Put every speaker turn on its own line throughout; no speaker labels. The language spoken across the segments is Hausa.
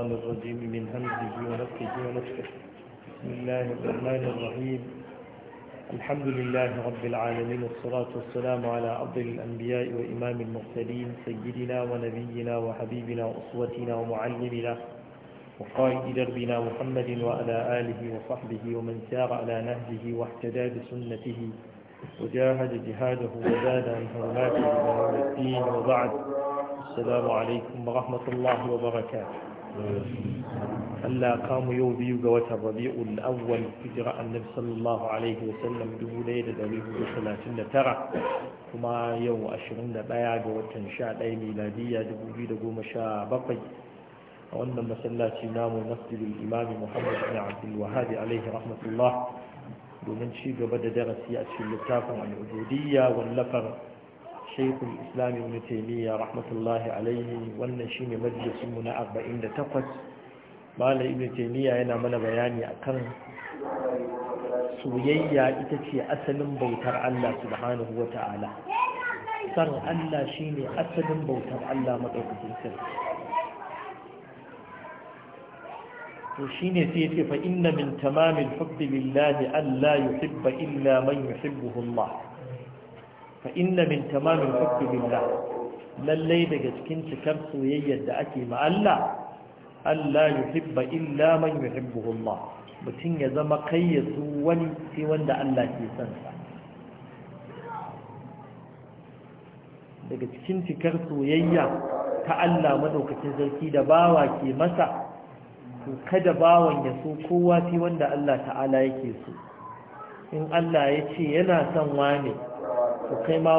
الشيطان الرجيم من همزه ونفسه ونفسه بسم الله الرحمن الرحيم الحمد لله رب العالمين والصلاة والسلام على أفضل الأنبياء وإمام المرسلين سيدنا ونبينا وحبيبنا وأسوتنا ومعلمنا وقائد دربنا محمد وعلى آله وصحبه ومن سار على نهجه واحتدى بسنته وجاهد جهاده وزاد عن حرماته وعلى الدين وبعد السلام عليكم ورحمة الله وبركاته Allah kamu yau biyu ga watan Rabi'ul Awwal hijira Annabi sallallahu alaihi wasallam 1439 kuma yau 21 ga watan 11 miladiyya 2017 a wannan masallaci namu Masjidul Imam Muhammad bin Abdul Wahhab alaihi rahmatullah domin ci gaba da darasi a cikin littafin al-Ubudiyya wallafar shekul islami wani taimiyya rahmatullahi alaihi wannan shi ne arba'in da 48 malar ibn taimiyya yana mana bayani akan
soyayya
ita ce asalin bautar allah subhanahu wa ta'ala san allah shi ne asalin bautar allah maɗaukakin sarki to shi ne sai ce fa inna min tamamin hubbi lillahi an la yuhibba illa man yuhibbuhu allah fa inna min tamamin hubbi billah lallai daga cikin cikar soyayyar da ake ma Allah Allah yuhibba illa man yuhibbuhu mutum ya zama kai ya su wani sai wanda Allah ke son sa daga cikin cikar soyayya ta Allah madaukakin sarki da bawa ke masa to kada bawan ya so kowa sai wanda Allah ta'ala yake so in Allah ya ce yana son wani ko kai ma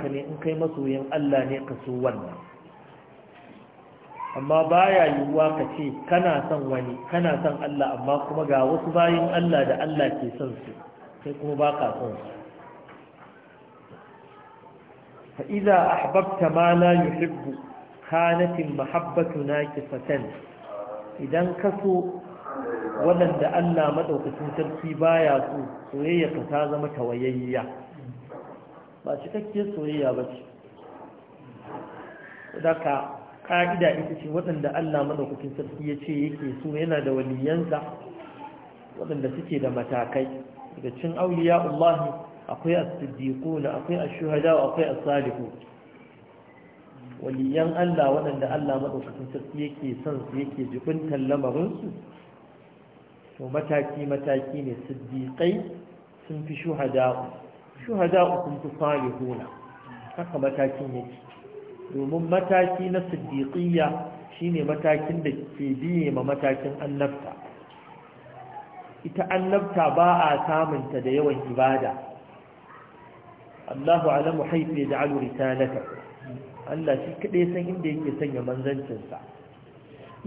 ka ne in kai masoyin Allah ne ka so wannan amma baya yiwuwa ka ce kana son wani kana son Allah amma kuma ga wasu bayin Allah da Allah ke son su kai kuma ba ka son su fa idza ahbabta ma la yuhibbu kanat al mahabbatu idan ka so waɗanda Allah madaukakin sarki baya so soyayya ka ta zama tawayayya ba cikakkiyar soyayya ba ce ka ƙa'ida ita ce waɗanda allah maɗaukakin sarki ya ce yake su yana da waliyansa waɗanda suke da matakai daga cin auliya Allah akwai as na akwai a shuhada akwai a salihun waliyan Allah waɗanda Allah madaukakin sarki yake son su yake jibin tallamarinsu to mataki mataki ne siddiqai sun fi shuhada shuhada'ukum hula, haka matakin yake domin mataki na siddiqiyya shine matakin da ke biye ma matakin annabta ita annabta ba a samunta da yawan ibada Allahu alamu da ya risalata Allah shi kaɗai san inda yake sanya sa.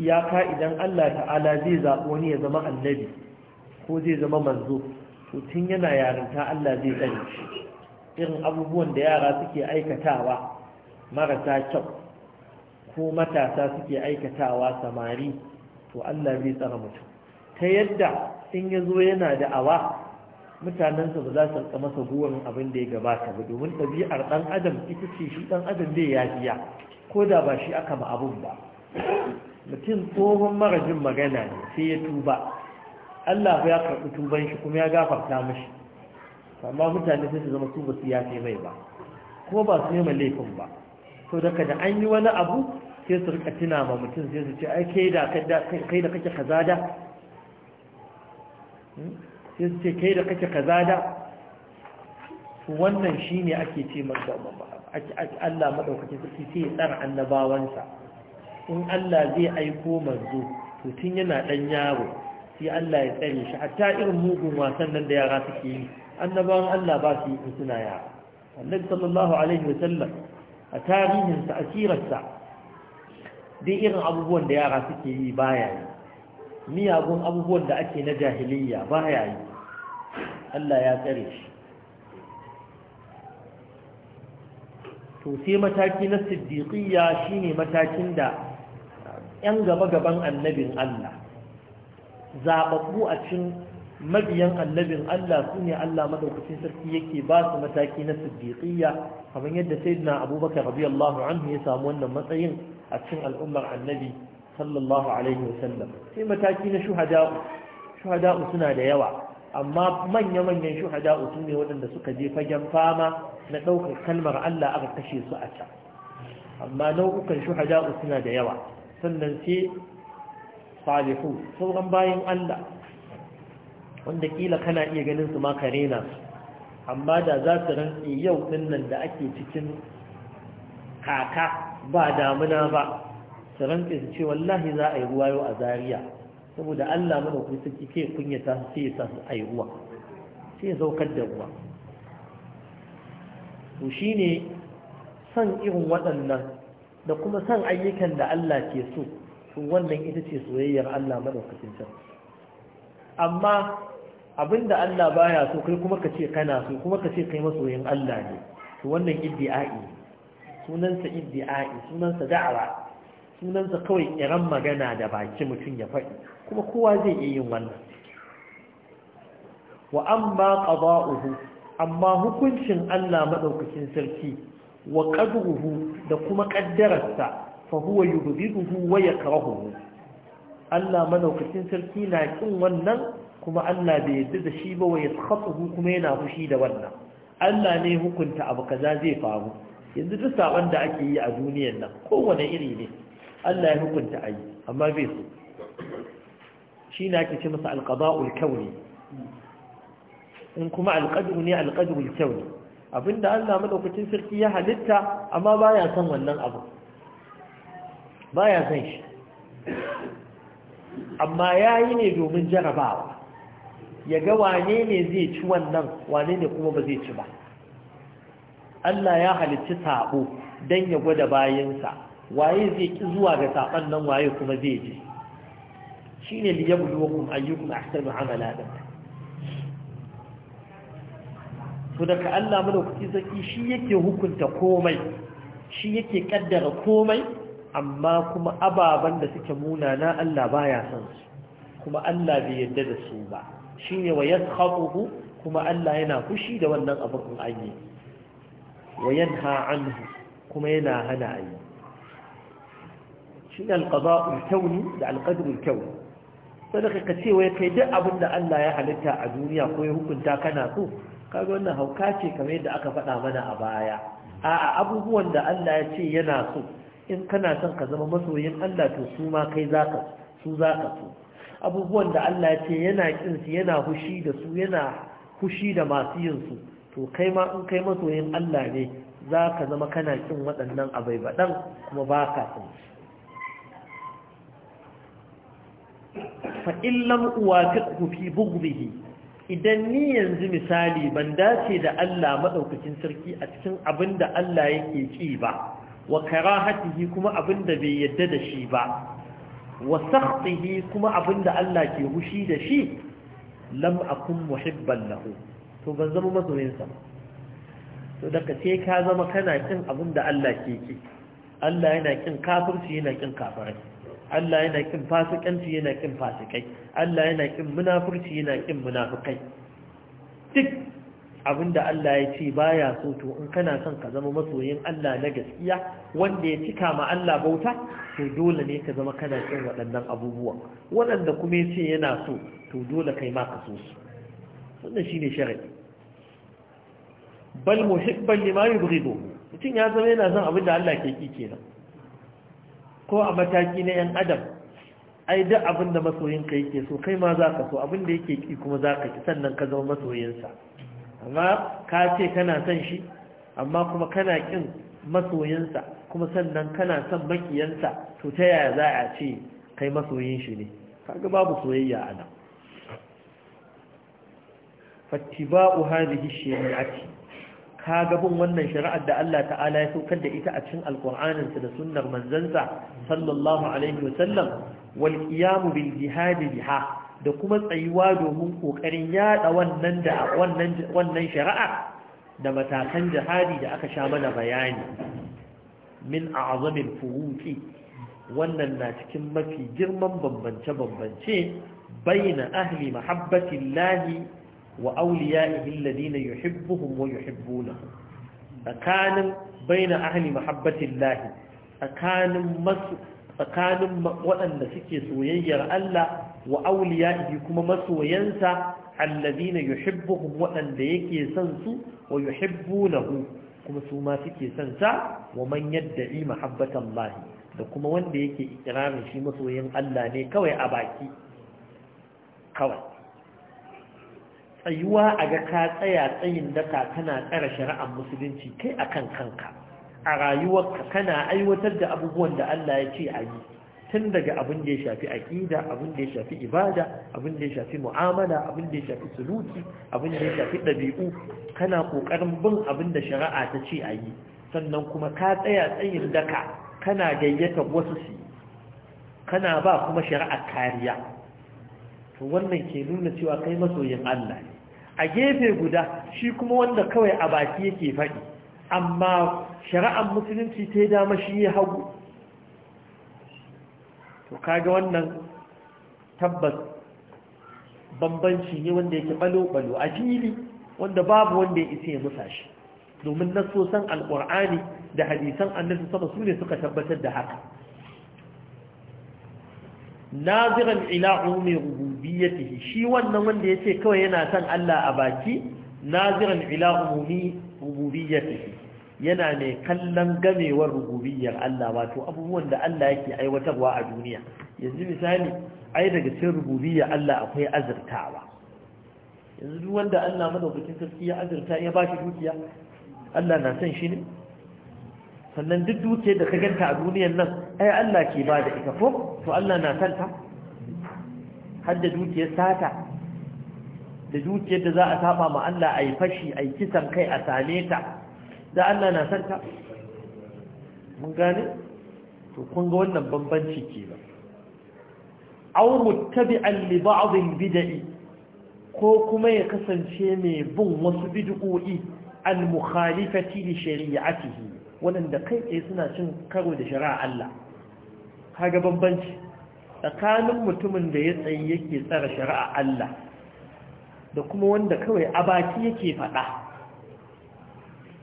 iyaka idan Allah ta'ala zai zaɓo wani ya zama annabi ko zai zama manzo to tun yana yarinta Allah zai tsare shi irin abubuwan da yara suke aikatawa marasa kyau ko matasa suke aikatawa samari to Allah zai tsare mutum ta yadda in ya zo yana da awa mutanensa ba za su rika masa guwan abin da ya gabata ba domin ɗabi'ar ɗan adam ita ce shi ɗan adam zai yafiya ko da ba shi aka ma abun ba mutum tsohon marajin magana ne sai ya tuba Allah ya karɓi tuban shi kuma ya gafarta mashi amma mutane sai su zama su ba su yafe mai ba Ko ba su nema laifin ba to daga da an yi wani abu sai su rika tuna ma mutum sai su ce ai kai da kai da kake kaza da hmm? sai su ce kai da kake kaza da wannan shine ake ce masa Allah madaukake sarki sai ya tsara annabawansa in Allah zai aiko manzo to tun yana dan yaro sai Allah ya tsare shi hatta irin mugun wasan nan da yara suke yi annabawan Allah ba su yi suna yara annabi sallallahu alaihi wa sallam a tarihinsa a sirarsa duk irin abubuwan da yara suke yi baya yi miyagun abubuwan da ake na jahiliya baya yi Allah ya tsare shi to sai mataki na siddiqiyya shine matakin da yan gaba gaban annabin Allah zaɓaɓɓu a cikin mabiyan annabin Allah su ne Allah madaukakin sarki yake ba su mataki na siddiqiyya kamar yadda sayyidina abubakar radiyallahu anhu ya samu wannan matsayin a cikin al'ummar annabi sallallahu alaihi wasallam sai mataki na shuhada'u shuhada'u suna da yawa amma manya-manyan shuhada'u su ne waɗanda suka je fagen fama na ɗaukar kalmar Allah aka kashe su a can amma nau'ukan shuhada'u suna da yawa sannan sai salihu sauran bayan Allah wanda kila kana iya ganin su makarena. rena amma da za su rantsi yau dinnan da ake cikin kaka ba damuna ba su rantsi su ce wallahi za a yi ruwa yau a zariya saboda Allah mana ku suke ke kunyata su sai sa su a yi ruwa sai ya saukar da ruwa to shine son irin waɗannan da kuma san ayyukan da Allah ke so to wannan ita ce soyayyar Allah madaukakin sarki amma abinda Allah baya so kai kuma ka ce kana so kuma ka ce kai masoyin Allah ne to wannan iddi'a'i sunansa iddi'a'i sunansa da'awa sunansa kawai iran magana da baki mutum ya faɗi kuma kowa zai iya yin wannan wa amma qada'uhu amma hukuncin Allah madaukakin sarki wa qadruhu da kuma ƙaddararsa fa huwa yubghiduhu wa yakrahuhu Allah madaukakin sarki na kin wannan kuma Allah bai yarda da shi ba wa yaskhatuhu kuma yana fushi da wannan Allah ne hukunta abu kaza zai faru yanzu duk saban da ake yi a duniyar nan kowane iri ne Allah ya hukunta ayi amma bai so shi na ake ce masa alƙabaul kauni in kuma alqadru ne alqadrul kauni abinda Allah madaukakin sarki ya halitta amma baya son wannan abu baya san shi amma ya yi ne domin jarabawa ya ga wane ne zai ci wannan wane ne kuma ba zai ci ba Allah ya halicci sabo dan ya gwada bayansa waye zai ki zuwa ga saban nan waye kuma zai je shine liyabluwakum ayyukum ahsanu amala da to daga Allah madaukaki zaki shi yake hukunta komai shi yake kaddara komai amma kuma ababen da suke munana Allah baya son su kuma Allah bai yadda da su ba shine wa yaskhatuhu kuma Allah yana fushi da wannan abin in an yi wa yanha anhu kuma yana hana a yi. ayi shine alqada'ul kawni da alqadrul kawni da ka ce wai kai duk abin da Allah ya halitta a duniya ko ya hukunta kana so kaga wannan hauka ce kamar yadda aka faɗa mana a baya a'a abubuwan da Allah ya ce yana so in kana son ka zama masoyin Allah to su ma kai zaka su zaka so abubuwan da Allah ce yana kin su yana hushi da su yana hushi da masu yin su to kai ma in kai masoyin Allah ne zaka zama kana kin waɗannan abai baɗan kuma ba son su fa illam uwafiqhu fi bughdihi idan ni yanzu misali ban dace da Allah madaukakin sarki a cikin abinda Allah yake ki ba wa karahatihi kuma abin da bai yadda da shi ba wa sakhtihi kuma da Allah ke hushi da shi lam akun muhibban lahu to ban zama masoyin sa to daga sai ka zama kana kin da Allah ke ki Allah yana kin kafirci yana kin kafirai Allah yana kin fasikanci yana kin fasikai Allah yana kin munafurci yana kin munafikai duk abinda Allah ya ce baya so to in kana son ka zama masoyin Allah na gaskiya wanda ya cika ma Allah bauta to dole ne ka zama kana kin waɗannan abubuwan waɗanda kuma ya ce yana so to dole kai ma ka so su wannan shine shari'a bal muhibban lima yubghidu mutum ya zama yana son abinda Allah ke ki kenan ko a mataki na yan adam ai duk abinda masoyinka yake so kai ma zaka so abinda yake ki kuma zaka ki sannan ka zama masoyinsa amma ka ce kana son shi amma kuma kana kin masoyinsa kuma sannan kana son makiyansa to ta yaya za a ce kai masoyin shi ne kaga babu soyayya a nan fattiba'u hadhihi shari'ati ga bin wannan shari'ar da Allah ta'ala ya saukar da ita a cikin alqur'anin sa da sunnar manzansa sallallahu alaihi wasallam wal qiyam bil jihad biha da kuma tsayuwa domin ƙoƙarin yada wannan da wannan shari'a da matakan jihadi da aka sha mana bayani min a'zamin furuqi wannan na cikin mafi girman bambance bambance baina ahli mahabbatillahi wa awliya'ihi alladhina yuhibbuhum wa yuhibbunahu tsakanin ahli tsakanin masu tsakanin waɗanda suke soyayyar Allah wa auliya'i kuma masoyansa na yuhibbuhum waɗanda yake son su wa lahu kuma su ma suke son sa wa man yadda'i mahabbatan Allah da kuma wanda yake ikirarin shi masoyin Allah ne kawai a baki kawai tsayuwa a ga ka tsaya tsayin daka kana tsara shari'ar musulunci kai akan kanka a rayuwarka kana aiwatar da abubuwan da Allah ya ce a yi tun daga abin da ya shafi aƙida abin da ya shafi ibada abin da ya shafi mu'amala abin da ya shafi suluki abin da ya shafi ɗabi'u kana ƙoƙarin bin abin da shari'a ta ce a yi sannan kuma ka tsaya tsayin daka kana gayyata wasu su kana ba kuma shari'a kariya to wannan ke nuna cewa kai masoyin Allah ne a gefe guda shi kuma wanda kawai a baki yake faɗi amma shari'ar musulunci ta yi dama shi ya hagu to kaga wannan tabbas bambanci ne wanda yake balo-balo a fili wanda babu wanda ya isa ya musa shi domin nasosan alƙur'ani da hadisan annabi sama su ne suka tabbatar da haka naziran ila ummi rububiyyatihi shi wannan wanda ya ce kawai yana san Allah a baki naziran ila ummi rububiyyatihi yana mai kallon gamewar rububiyar Allah wato abubuwan da Allah yake aiwatarwa a duniya yanzu misali ai daga cikin rububiyar Allah akwai azurtawa yanzu duk wanda Allah madaukakin sarki ya azurta ya bashi dukiya Allah na san shi ne sannan duk dukiyar da ka ganta a duniyar nan ai Allah ke ba da ita ko to Allah na san ta har da dukiyar sata da dukiyar da za a saba ma Allah a yi fashi a yi kisan kai a same ta da Allah na santa mun gane to kun ga wannan bambanci ke ba aw muttabi'an li ba'd bid'i ko kuma ya kasance mai bin wasu bid'o'i al mukhalifati li shari'atihi wanda kai tsaye suna cin karo da shari'a Allah kaga bambanci tsakanin mutumin da ya tsaye yake tsara shari'a Allah da kuma wanda kawai abaki baki yake faɗa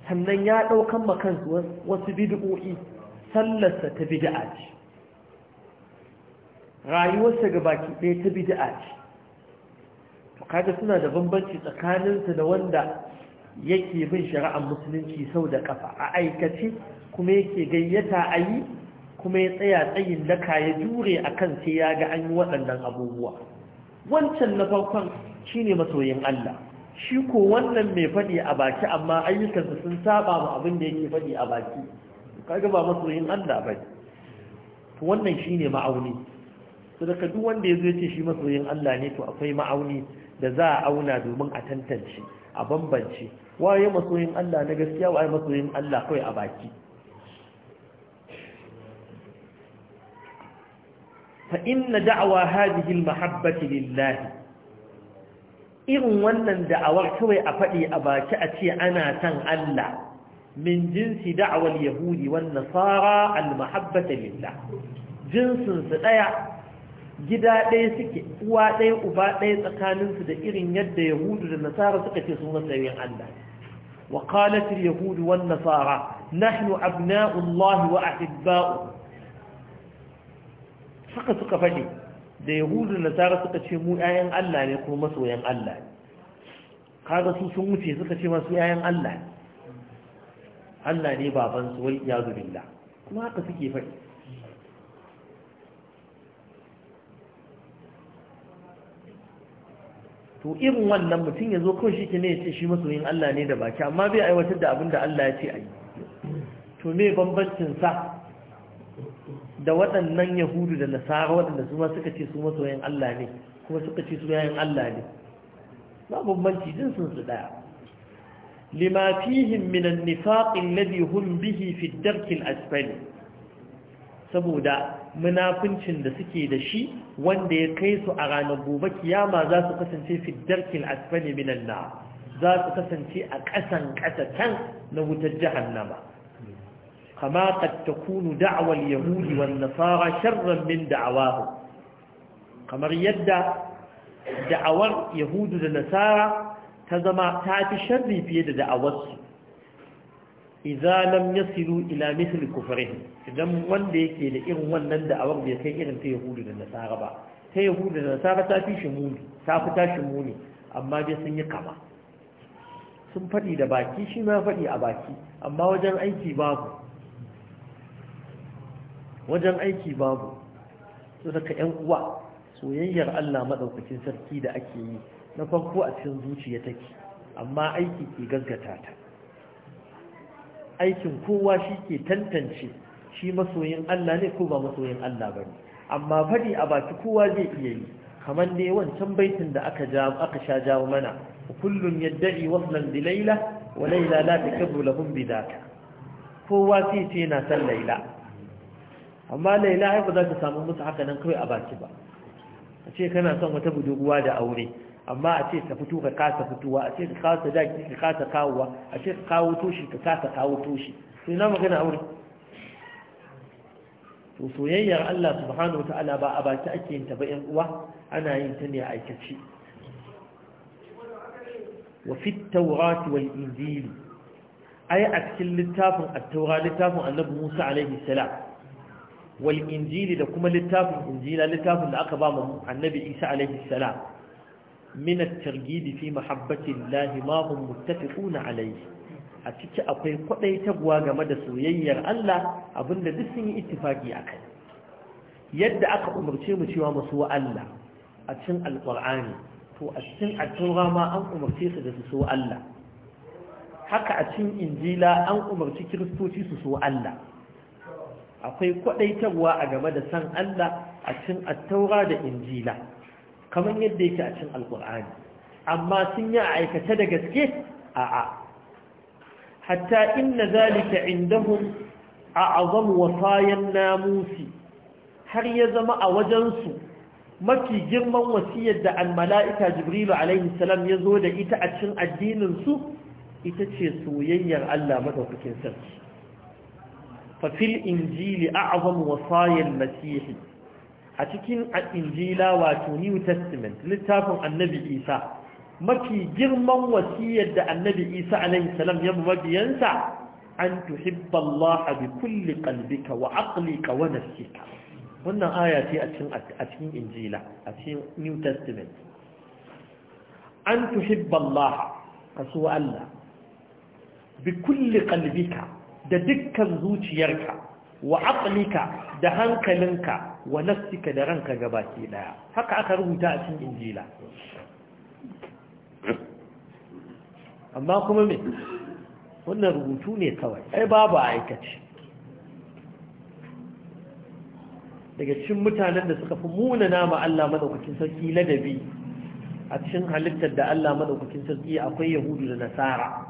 sannan ya ɗaukan makansu wasu bidu'o'i sallarsa ta bidu'a ce rayuwarsa ga baki ɗaya ta bidu'a ce to kaga suna da bambanci tsakaninsa da wanda yake bin shari'ar musulunci sau da kafa a aikace kuma yake gayyata a yi kuma ya tsaya tsayin daka ya jure a kan sai ya ga an yi waɗannan abubuwa wancan na farkon shine masoyin Allah shi ko wannan mai faɗi a baki amma ayyukansa sun saba mu abin da yake faɗi a baki kaga ba masoyin Allah ba to wannan shine ma'auni to daga duk wanda yazo yace shi masoyin Allah ne to akwai ma'auni da za a auna domin a tantance a bambance waye masoyin Allah na gaskiya waye masoyin Allah kai a baki fa inna da'wa hadhihi al-mahabbati lillahi irin wannan da'awar kawai a faɗi a baki a ce ana san Allah min jinsi da'awar yahudi wan nasara al-mahabbata lillah jinsin su gida ɗaya suke uwa ɗaya uba ɗaya tsakaninsu da irin yadda yahudu da nasara suka ce sun matsayin Allah wa qalat al nasara nahnu abna'ullahi Allah wa ahibba'u haka suka faɗi da yahudu da nasara suka ce mu 'ya'yan Allah ne kuma masoyan Allah ne kaga su sun wuce suka ce masu 'ya'yan Allah ne Allah ne baban su ya iyazu billah kuma haka suke faɗi to irin wannan mutum ya zo kawai shi ke ne ya ce shi masoyin Allah ne da baki amma bai aiwatar da abin da Allah ya ce a yi to me bambancin sa da waɗannan yahudu da nasara waɗanda su suka ce su masoyan Allah ne kuma suka ce su yayin Allah ne ba bambanci sun su ɗaya lima fihim min an alladhi hum bihi fi ad al-asfali saboda munafincin da suke da shi wanda ya kai su a ranar gobe kiyama za su kasance fi ad-dark al-asfali min an-nar za su kasance a ƙasan ƙasa can na wutar jahannama kama qad takunu da'wa al-yahudi wan nasara sharran min da'awahum kamar yadda da'awar yahudu da nasara ta zama ta fi sharri fiye da da'awarsu idza lam yasilu ila mithl kufrihim idan wanda yake da irin wannan da'awar bai kai irin ta yahudu da nasara ba ta yahudu da nasara ta fi shi ta fi tashi amma dai sun yi kama sun faɗi da baki shi ma faɗi a baki amma wajen aiki babu wajen aiki babu su saka ‘yan uwa soyayyar Allah maɗaukacin sarki da ake yi na farko a cikin zuciya take amma aiki ke gaggata ta aikin kowa shi ke tantance shi masoyin Allah ne ko ba masoyin Allah ba amma faɗi a baki kowa zai iya yi kamar ne wancan baitin da aka aka sha jawo mana kullum yadda'i waslan bi laila wa laila la takabbu lahum bidaka kowa sai ce na san laila amma laila ai za ta samu musu haka nan kawai a baki ba a ce kana son wata budurwa da aure amma a ce ta fito ka kasa fitowa a ce ka kasa daki ka kasa kawowa a ce ka kawo toshi ka kasa kawo toshi sai na magana aure to soyayyar Allah subhanahu wataala ba a baki ake yin ta ba ƴan uwa ana yin ta ne a aikace wa fi tawrat wal injil ai a cikin littafin at-taura littafin Annabi Musa alaihi salam wal injili da kuma littafin injila littafin da aka ba mu annabi isa alaihi salam min at-targhib fi mahabbati ma hum muttafiqun alayhi a ciki akwai kwadai taguwa game da soyayyar Allah abinda duk sun yi ittifaki akai yadda aka umarce mu cewa mu so Allah a cikin alqur'ani to a cikin at ma an umarce su da su so Allah haka a cikin injila an umarci kiristoci su so Allah akwai kwadaitarwa a game da san Allah a cikin attaura da injila kamar yadda yake a cin alkur'ani amma sun yi aikata da gaske a'a hatta inna zalika indahum a'azam wasayan namusi har ya zama a wajensu mafi girman wasiyar da almala'ika jibrilu alaihi salam ya zo da ita a cin addinin su ita ce soyayyar Allah madaukakin sarki fafil injili a'azam wasayil masihi a cikin injila wato new testament littafin annabi isa mafi girman wasiyar da annabi isa alaihi salam ya mabiyansa an tuhibba Allah bi kulli qalbika wa aqlika wa nafsika wannan aya ce a cikin a cikin injila a cikin new testament an tuhibba Allah kasu Allah bi kulli qalbika da dukkan zuciyarka wa aqlika da hankalinka wa nafsika da ranka gabaki daya haka aka rubuta a cikin injila amma kuma me wannan rubutu ne kawai ai babu aikaci daga cikin mutanen da suka fi muna ma Allah madaukakin sarki ladabi a cikin halittar da Allah madaukakin sarki akwai yahudu da nasara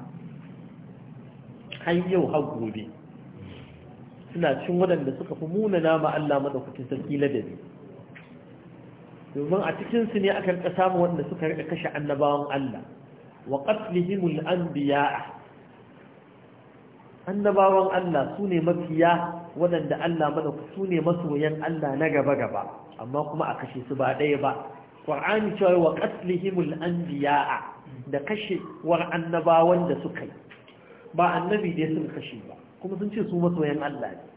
har yau har gobe suna cin waɗanda suka fi muna nama Allah madaukakin sarki ladabi domin a cikin su ne aka rika samu waɗanda suka rika kashe annabawan Allah wa qatlihimul anbiya annabawan Allah su ne mafiya waɗanda Allah madaukakin su ne masoyan Allah na gaba gaba amma kuma a kashe su ba ɗaya ba Qur'ani cewa wa qatlihimul anbiya da kashe war annabawan da suka yi ba annabi dai sun kashe ba kuma sun ce su masoyan Allah ne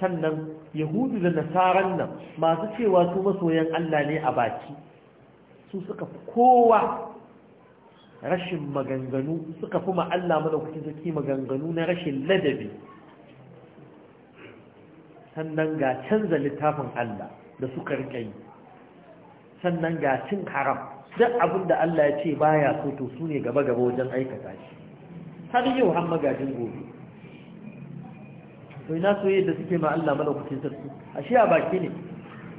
sannan yahudu da nasaran nan masu cewa su masoyan Allah ne a baki su suka fi kowa rashin maganganu suka fi ma'alla kuke zaki maganganu na rashin ladabi sannan ga canza littafin Allah da suka rike yi sannan ga cin haram duk abin da Allah ya ce ya so to su ne gaba-gaba wajen aikata shi har yau har magajin gobe to ina so yadda suke ma Allah madaukakin sarki ashe a baki ne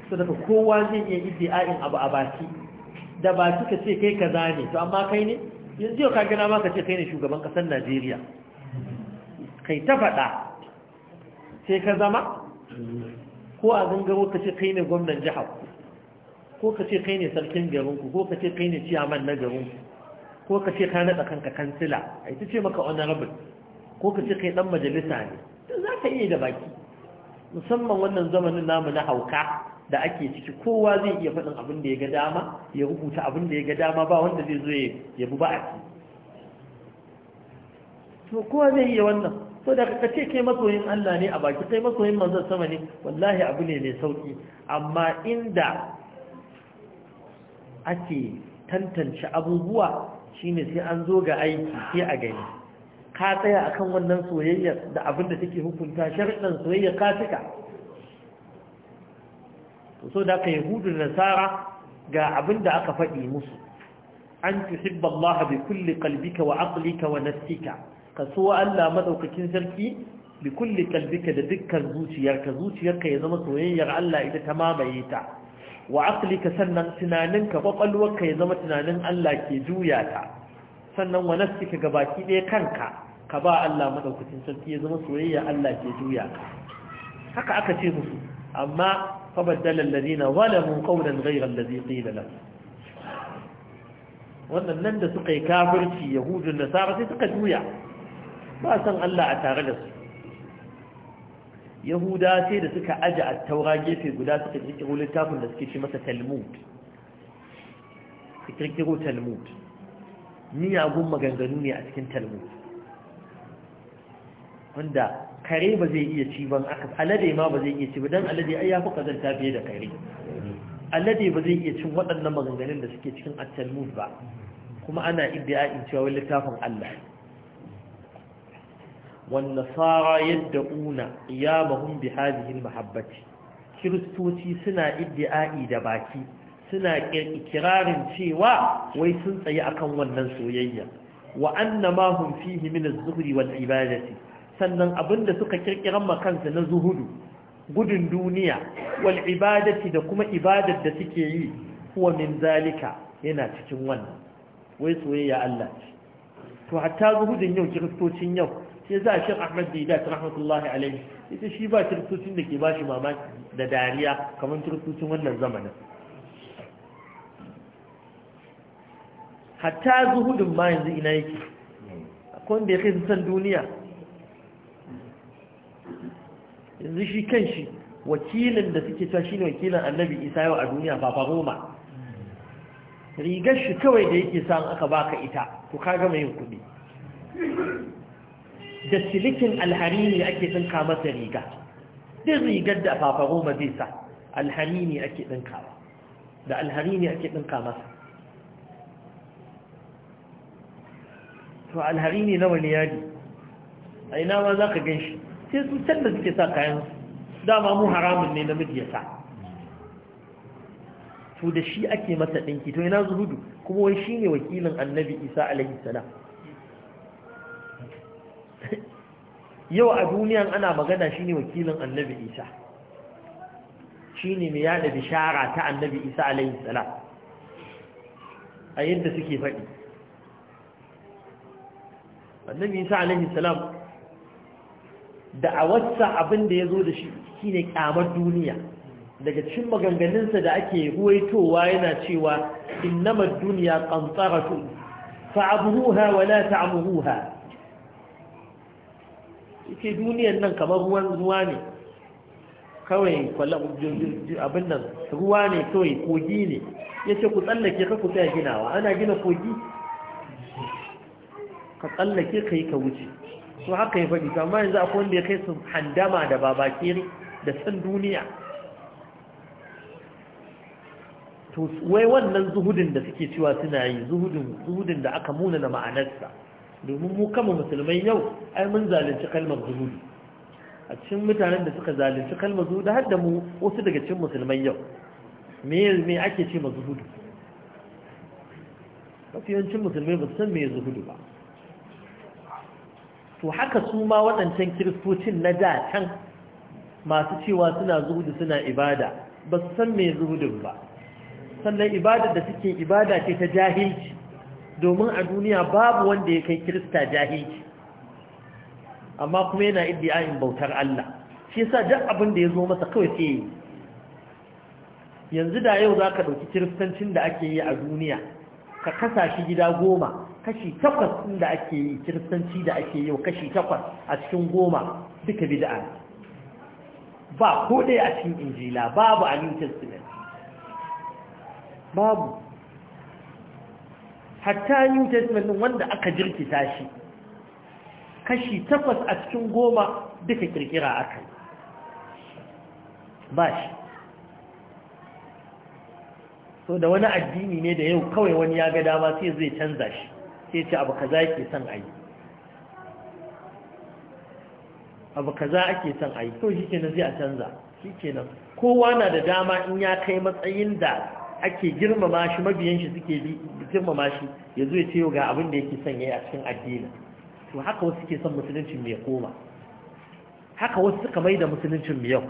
su daga kowa zai iya iddi'ain abu a baki da ba suka ce kai kaza ne to amma kai ne yanzu yau ka gina ma ka ce kai ne shugaban kasar Najeriya kai ta faɗa sai ka zama ko a gangaro ka ce kai ne gwamnan jihar ko ka ce kai ne sarkin garinku ko ka ce kai ne ciyaman na garinku ko ka ce ka naɗa kanka kansila a ta ce maka honorable ko ka ce kai ɗan majalisa ne don za ka iya da baki musamman wannan zamanin namu na hauka da ake ciki kowa zai iya faɗin abin da ya ga dama ya rubuta abin da ya ga dama ba wanda zai zo ya bu ba a ci to kowa zai iya wannan so da ka ce kai masoyin Allah ne a baki kai masoyin manzon sama ne wallahi abu ne mai sauki amma inda ake tantance abubuwa shine sai an zo ga aiki sai a gani ka tsaya akan wannan soyayya da abin da take hukunta sharɗin soyayya ka cika so da ka yahudu da nasara ga abin da aka faɗi musu an tuhibba Allah bi kulli qalbika wa aqlika wa nafsika ka so Allah madaukakin sarki bi kulli qalbika da dukkan zuciyarka zuciyarka ya zama soyayyar Allah ita ta mamaye ta wa aqlika sannan tunaninka kwakwalwarka ya zama tunanin Allah ke juya ta sannan wa nafsika gabaki ɗaya kanka ka ba Allah madaukakin sarki ya zama soyayya Allah ke juya ka haka aka ce musu amma fa baddala alladhina zalamu qawlan ghayra alladhi qila lahum wannan nan da suka yi kafirci yahudu da nasara sai suka juya ba san Allah a tare da su yahuda sai da suka a taura gefe guda suka kirkiro littafin da suke ce masa talmud suka kirkiro talmud miyagun maganganu ne a cikin talmud wanda kare ba zai iya ci ban aka alade ma ba zai iya ci ba don alade ai ya fi kazanta fiye da kare alade ba zai iya cin waɗannan maganganun da suke cikin at-talmud ba kuma ana iddia in cewa littafin Allah والنصارى يدعون قيامهم بهذه mahabbaci kiristoci suna iddi'a'i da baki suna kirarin cewa wai sun tsaye akan wannan soyayya wa annama hum fihi min az-zuhri wal ibadati sannan abinda suka kirkiran makansa na zuhudu gudun duniya wal ibadati da kuma ibadar da suke yi huwa min zalika yana cikin wannan wai soyayya Allah ce to hatta zuhudin yau kiristocin yau Sai za a shan ahmad ta rahmatullahi alaihi ita shi ba turkutun da ke ba shi mamaki da dariya kamar turkutun wannan zamanin hatta zuhudin ma yanzu ina yake akwai wanda ya kai san duniya yanzu shi kan shi wakilin da suke cewa ne wakilin annabi isa yau a duniya ba roma rigar shi kawai da yake sa aka baka ita to kaga mai yin kuɗi da silikin alharini ake tsinka masa riga duk rigar da fafaro ma zai sa alharini ake tsinkawa da alharini ake tsinka masa to alharini na wani a ina ma za ka gan shi sai su can da suke sa kayan dama mu haramun ne namiji ya sa to da shi ake masa ɗinki to ina zuhudu kuma wai shi ne wakilin annabi isa alaihi salam yau a duniyan ana magana shine wakilin annabi isa shine mai yada bishara ta annabi isa alaihi salam a yadda suke faɗi annabi isa alaihi salam da'awarsa abin abinda ya zo da shi shine kyamar duniya daga cikin maganganunsa da ake ruwaitowa yana cewa innamad duniya qantaratu fa'abuha wa la ta'muha yake duniyar nan kamar ruwan ruwa ne kawai abin nan ruwa ne kawai kogi ne ya ce ku tsallake ka ku tsaya ginawa ana gina kogi ka tsallake ka yi ka wuce su haka ya faɗi amma yanzu akwai wanda ya kai su handama da babakiri da san duniya to wai wannan zuhudin da suke cewa suna yi zuhudin da aka muna na ma'anarsa domin mu kama musulmai yau ai mun zalunci kalmar zuhudu a cikin mutanen da suka zalunci kalmar zuhudu har da mu wasu daga cikin musulmai yau me me ake ce ma zuhudu mafi yawancin musulmai ba su san me zuhudu ba to haka su ma waɗancan kiristocin na da can masu cewa suna zuhudu suna ibada ba su san me zuhudun ba sannan ibada da suke ibada ce ta jahilci domin a duniya babu wanda ya kai kirista jahilci amma kuma yana iddiyayin bautar Allah shi yasa duk abin da ya zo masa kawai sai yanzu da yau za ka ɗauki kiristancin da ake yi a duniya ka kasa shi gida goma kashi takwas ɗin da ake yi kiristanci da ake yau kashi takwas a cikin goma duka bida'a ba ko ɗaya a cikin injila babu a new testament babu hatta new testament din wanda aka jirkita shi kashi takwas a cikin goma duka kirkira aka yi ba shi so da wani addini ne da yau kawai wani ya ga dama sai zai canza shi sai ce abu kaza yake son a yi abu kaza ake son a yi shi shi nan zai a canza shi ke nan. kowa na da dama in ya kai matsayin da ake girmama shi mabiyan shi suke bi girmama shi ya zo ya ce ga abin da yake son yayi a cikin addini to haka wasu suke son musuluncin mai koma haka wasu suka mai da musuluncin mu yau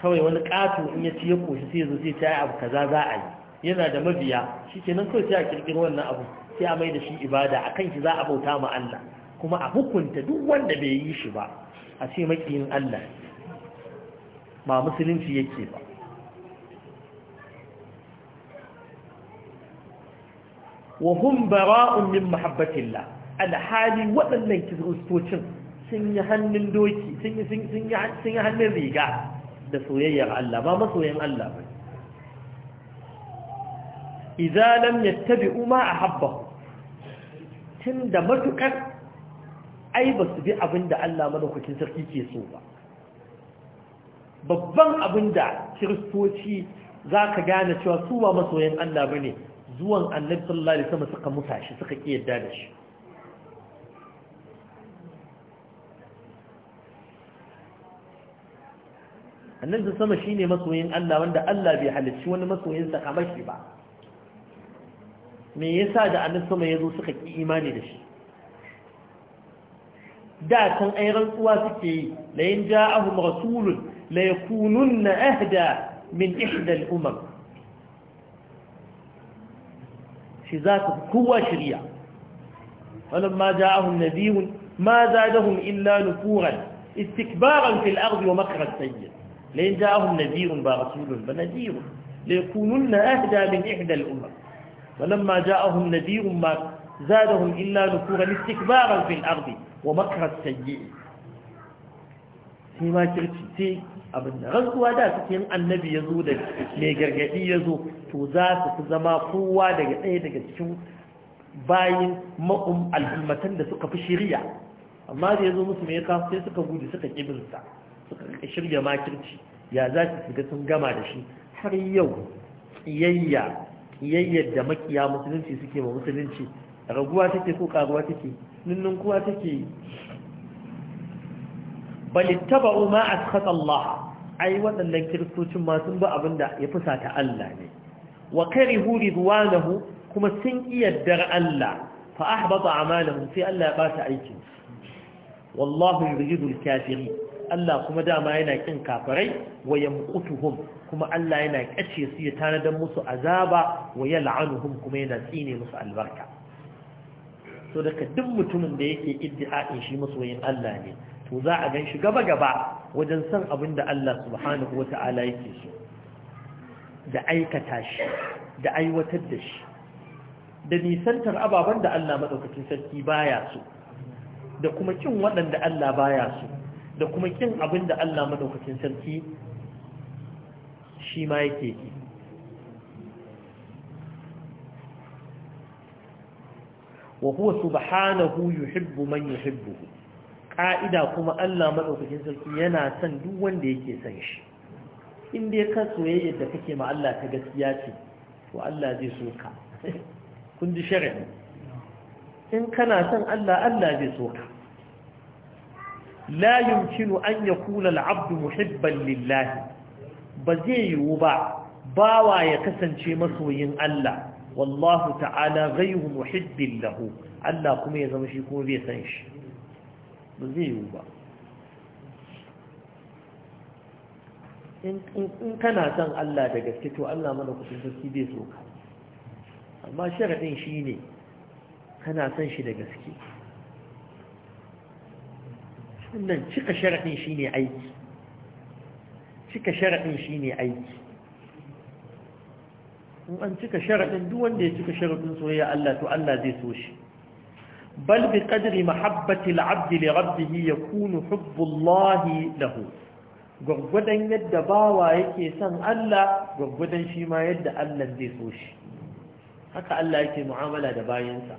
kawai wani ƙato in ya ci ya koshi sai ya zo sai ta yi abu kaza za a yi yana da mabiya shi kenan kawai sai a kirkiri wannan abu sai a mai da shi ibada a kan shi za a bauta ma Allah kuma a hukunta duk wanda bai yi shi ba a ce makiyin Allah ba musulunci yake ba wa hum bara'un min mahabbatillah alhali waɗannan kiristocin sun yi hannun doki sun yi hannun riga da soyayyar Allah ba masoyan Allah ba idza lam yattabi'u ma ahabbahu tunda matukar ai ba su bi abinda Allah madaukakin sarki ke so ba babban abinda kiristoci zaka gane cewa su ba masoyan Allah bane zuwan annabi sallallahu alaihi wasallam suka musa shi suka ki da shi annabi shine masoyin Allah wanda Allah bai halicci wani masoyin sa kamar shi ba me yasa da annabi sama yazo suka ki imani da shi da kan ai rantsuwa suke yi la in ja'ahum rasulun la yakununna ahda min ihdal al-umam شذات كوى شريعة فلما جاءهم نذير ما زادهم إلا نفورا استكبارا في الأرض ومكر السيد لين جاءهم نذير برسول بنذير ليكونن أهدى من إحدى الأمم فلما جاءهم نذير ما زادهم إلا نفورا استكبارا في الأرض ومكر السيد فيما ترتفي abin da rantsuwa da suke yin annabi ya zo da mai gargadi ya zo to za su fi zama kowa daga ɗaya daga cikin bayin ma'um al'ummatan da suka fi shirya amma da ya zo musu mai kawo sai suka gudu suka ƙibinsa suka shirya makirci ya za su shiga sun gama da shi har yau ƙiyayya da makiya musulunci suke ma musulunci raguwa take ko ƙaruwa take nunnun kowa take falittaba'u ma askhata Allah ai waɗannan kiristocin masu ba abinda ya fusata Allah ne wa karihu ridwanahu kuma sun iyaddar Allah fa a amalahum sai Allah ya ba su aikin wallahu yuridu al Allah kuma dama yana ƙin kafarai wa yamqutuhum kuma Allah yana ƙace su ya tanadar musu azaba wa yal'anuhum kuma yana tsine musu albarka so daga duk mutumin da yake iddia'in shi masoyin Allah ne to za a gan shi gaba gaba wajen san abin da Allah subhanahu wa ta'ala yake so da aikata shi da aiwatar da shi da nisantar ababen da Allah maɗaukacin sarki baya so da kuma kin waɗanda Allah baya so da kuma kin abin da Allah maɗaukacin sarki shi ma yake ki wa huwa subhanahu yuhibbu man yuhibbuhu ƙa'ida kuma Allah maɗaukakin sarki yana son duk wanda yake son shi in dai ka soyayyar da kake ma Allah ta gaskiya ce to Allah zai so ka kun ji shari'a in kana son Allah Allah zai so ka la yumkinu an yakuna al-'abdu muhibban lillah ba zai yiwu ba bawa ya kasance masoyin Allah wallahu ta'ala ghayru muhibbin lahu Allah kuma ya zama shi kuma zai san shi ba zai yiwu ba in kana son Allah da gaske to Allah mana kudin sarki bai so amma sharaɗin shi ne kana son shi da gaske sannan cika sharaɗin shi ne aiki cika sharaɗin shi ne aiki in an cika sharaɗin duk wanda ya cika sharaɗin soyayya Allah to Allah zai so shi بل بقدر محبة العبد لربه يكون حب الله له gwaggwadon yadda bawa yake son Allah gwaggwadon shi ma yadda Allah zai so shi haka Allah yake mu'amala da bayansa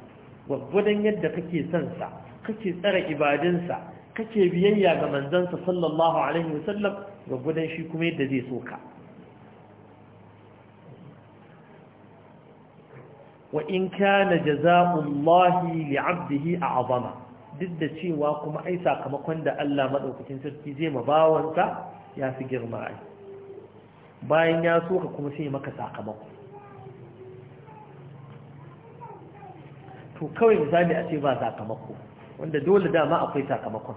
gwaggwadon yadda kake son sa kake tsara ibadinsa kake biyayya ga manzansa sallallahu alaihi wasallam gwaggwadon shi kuma yadda zai so ka wa in kana jaza'ullahi li'abdihi a'zama duk da cewa kuma ai sakamakon da Allah madaukakin sarki zai ma bawansa ya fi girma ai bayan ya soka kuma sai maka sakamako to kawai misali a ce ba sakamako wanda dole dama akwai sakamakon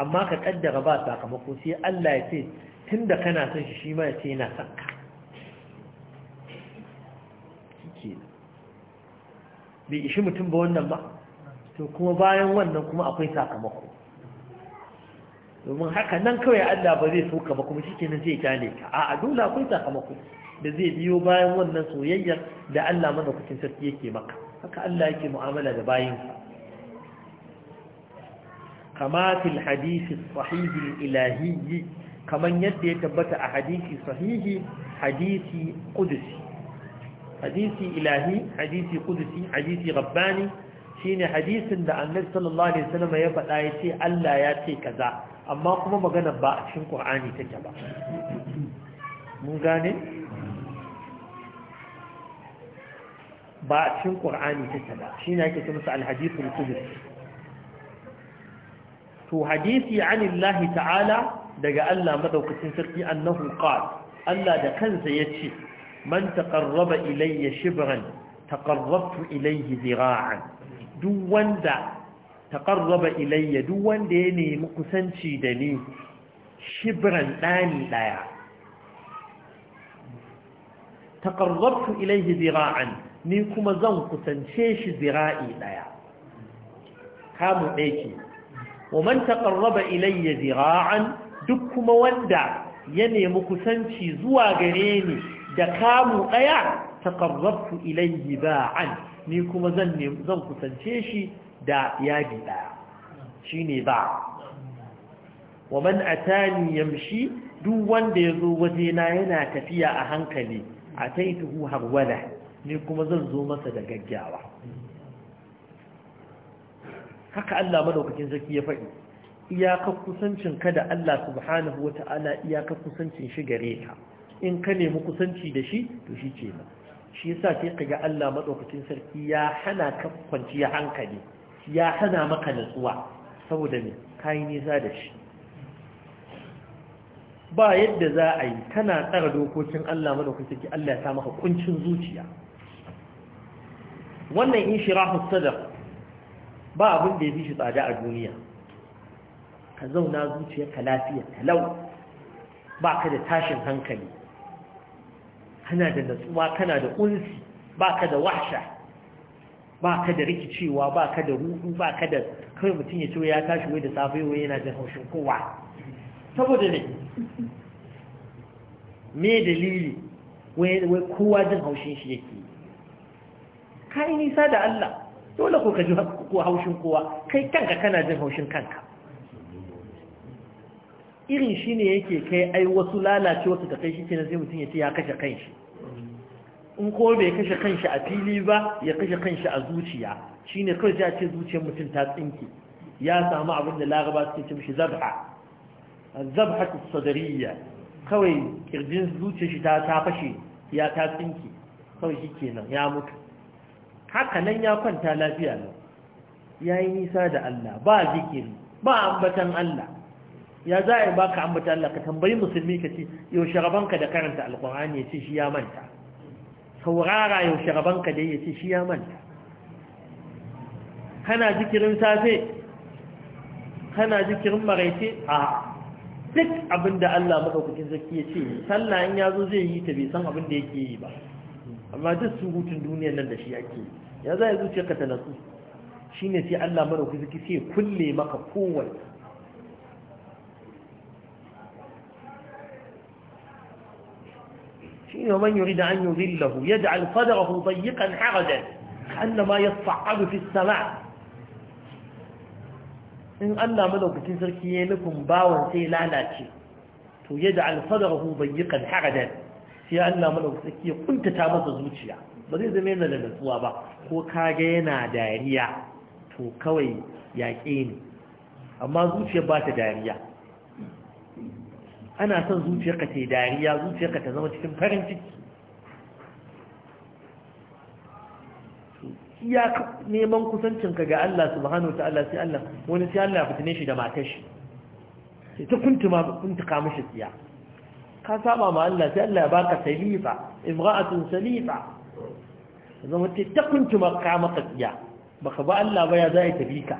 amma ka kaddara ba sakamako sai Allah ya ce tunda kana son shi shi ma ya ce yana son bai ishi mutum ba wannan ba to kuma bayan wannan kuma akwai sakamako domin haka nan kawai Allah ba zai so ka ba kuma shike nan zai kyale ka a dole akwai sakamako da zai biyo bayan wannan soyayyar da Allah madaukakin sarki yake maka haka Allah yake mu'amala da bayinsa kama fil hadisi sahihi ilahi kaman yadda ya tabbata a hadisi sahihi hadisi qudsi hadisi ilahi hadisi kudusi hadisi rabbani shine hadisin da annabi sallallahu alaihi wasallam ya faɗa ya ce Allah ya ce kaza amma kuma magana ba a cikin Qur'ani take ba mun gane ba a cikin Qur'ani take ba shine ake ce masa al-hadith al-qudsi to hadisi anillahi ta'ala daga Allah madaukakin sarki annahu qala Allah da kansa yace man taqarraba ilayya shibiran, taqarrabtu ilayhi zira'an duk wanda taqarraba ilayya duk wanda ya nemi kusanci da ni shibiran dani daya taqarrabtu ilayhi zira'an ni kuma zan kusance shi zira'i ɗaya. kamu ɗaya ke wa man taqarraba ilayya zira'an duk kuma wanda ya nemi kusanci zuwa gare ni da kamu ɗaya taqarrabtu ilayhi ba'an ni kuma zan kusance shi da yadi ɗaya shine ba wa man atani yamshi duk wanda yazo waje na yana tafiya a hankali a ataituhu harwala ni kuma zan zo masa da gaggawa haka Allah madaukakin zaki ya faɗi iyakar kusancin kada Allah subhanahu wata'ala iyakar kusancin shi gare ka in ka nemi kusanci da shi to shi ce shi yasa sai ka ga Allah madaukakin sarki ya hana ka kwanciya hankali ya hana maka natsuwa saboda me kai nisa da shi ba yadda za a yi kana tsara dokokin Allah madaukakin sarki Allah ya sa maka kuncin zuciya wannan inshirahu sadaq ba abin da ya fi shi tsada a duniya ka zauna zuciyar ka lafiya talau ba ka da tashin hankali kana da natsuwa kana da unsi baka da wahsha baka da rikicewa baka da rudu baka da kai mutum ya ce ya tashi wai da safe wai yana jin haushin kowa saboda ne me dalili wai kowa jin haushin shi yake ka yi nisa da Allah dole ko ka ji haushin kowa kai kanka kana jin haushin kanka irin shi ne yake kai ai wasu lalace wasu ta kai shi ke sai mutum ya ce ya kashe kanshi in ko bai kashe kanshi a fili ba ya kashe kanshi a zuciya shi ne kawai ya ce zuciyar mutum ta tsinke ya samu abin da laraba suke ce mishi zabha zabha sadariya kawai kirjin zuciyar shi ta fashe ya ta tsinke kawai shi kenan ya mutu haka nan ya kwanta lafiya lau ya yi nisa da Allah ba zikiri ba ambatan Allah ya za a yi baka ambata Allah ka tambayi musulmi ka ce yaushe shagabanka da karanta alkur'ani ya ce shi ya manta saurara yaushe shagabanka da ya ce shi ya manta kana jikirin safe kana jikirin maraice a duk abin da Allah maɗaukakin zaki ya ce sallah in ya zo zai yi ta bai san abin da yake yi ba amma duk surutun duniyar nan da shi ake ya za a yi ka ta natsu ne sai Allah maɗaukakin zaki sai kulle maka kowanne shine wa man yurida an yudhillahu yaj'al sadrahu dayyqan harajan annama yas'abu fi as-sama' in Allah madaukakin sarki ya nufin bawan sai lalace to yaj'al sadrahu dayyqan harajan sai Allah madaukakin sarki ya ƙuntata masa zuciya ba zai zama yana da nutsuwa ba ko kaga yana dariya to kawai yaƙe ne amma zuciya ba ta dariya ana son zuciyarka ta yi dariya zuciyarka ta zama cikin farin ciki Ya neman kusancinka ga Allah subhanahu wa ta'ala sai Allah wani sai Allah ya fitine shi da matar shi sai ta kuntuma kuntuka mishi tsiya ka saba ma Allah sai Allah ya baka salifa imra'atun salifa zama ce ta kuntuma ka maka tsiya baka ba Allah ba ya za ya tafi ka